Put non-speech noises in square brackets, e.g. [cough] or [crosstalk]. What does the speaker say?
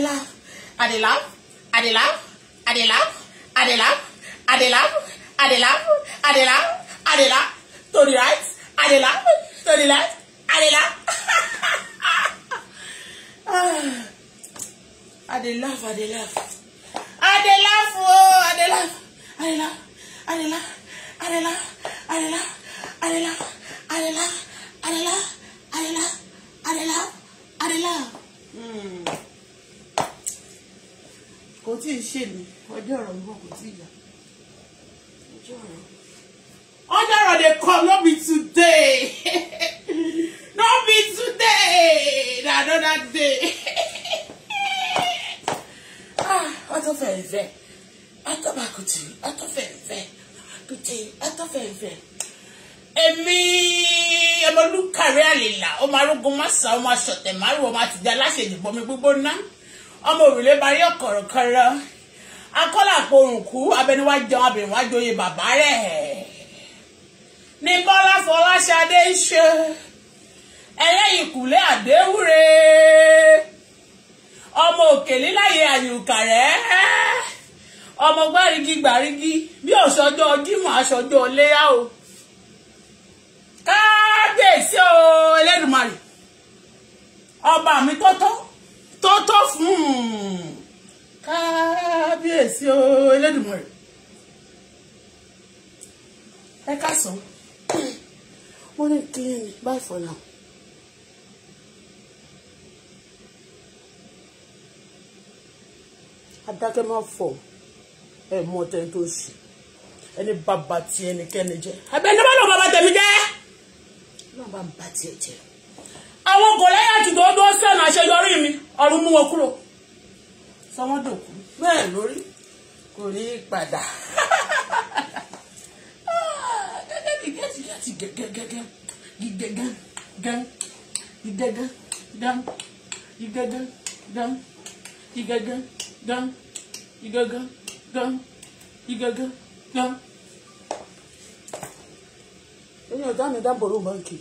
Adela, laugh Adela, Adela, laugh Adela, Adela, laugh Adela, Adela, laugh Adela, Adela, laugh Adela, Adela, laugh Adela, Adela, laugh Adela, Adela, laugh Adela, dey laugh to the right i dey laugh to the left i dey laugh i dey laugh i dey laugh i dey laugh oh i laugh laugh laugh laugh laugh laugh. kò tí ì ṣèlú ọjọ́ ọ̀rọ̀ ń bọ̀ kò tí ì yá ọjọ́ ọ̀rọ̀ ọjọ́ ọ̀rọ̀ dey come no be today [laughs] no be today na another day [laughs] ah ọtọ́fẹ̀ẹ́fẹ́ ọtọ́bàkùtì ọtọ́fẹ̀ẹ́fẹ́ kùtì ọtọ́fẹ̀ẹ́fẹ́ èmi ọmọlúkàrí àlèlà ọmọ arógun máa sá ọmọ asọ̀tẹ̀ márùn ọmọ àtijọ́ aláṣẹ ìdìbọn mi gbígbóná ọmọ òrùlé barí ọ̀kọ̀rọ̀kọ̀rọ̀ akọ́là porùnkú abẹniwá jẹun abẹniwá joyè bàbá rẹ̀ ní bọ́lá fọláṣadé ń ṣe ẹlẹ́yìn kùlé àdéwúre ọmọ òkè níláyè àyùkà rẹ̀ ọmọ gbárígi gbárígi bí òṣọjọ́ jímọ̀ aṣọjọ́ léyà o kábíyèsí o Elédùmarè ọba mi tó kábíyèsí o Elédùmarè ẹ káàsán morning clean bye for now. adákẹ́ máa fọ̀ ẹ̀ mọ́ tẹ́ tó ṣe ẹni bàbá tí ẹnikẹ́ni jẹ́ abẹ́ ní bá lọ bàbá tẹ̀mí jẹ́ náà bá ń bá tiẹ̀ jẹ́ àwọn kò do do ó dúró sẹ́nu àṣeyọrí mi ọ̀run mú wọn kúrò sọ wọ́n dòkú bẹ́ẹ̀ lórí kò ní í padà gẹ́gẹ́ bí gẹ́gẹ́ gẹ́gẹ́ gẹ́gẹ́ gẹ́gẹ́ gẹ́gẹ́ gẹ́gẹ́ gẹ́gẹ́ gẹ́gẹ́ gẹ́gẹ́ gẹ́gẹ́ gẹ́gẹ́ gẹ́gẹ́. Onye ọ̀dọ́ àmì dábòrò báńkì.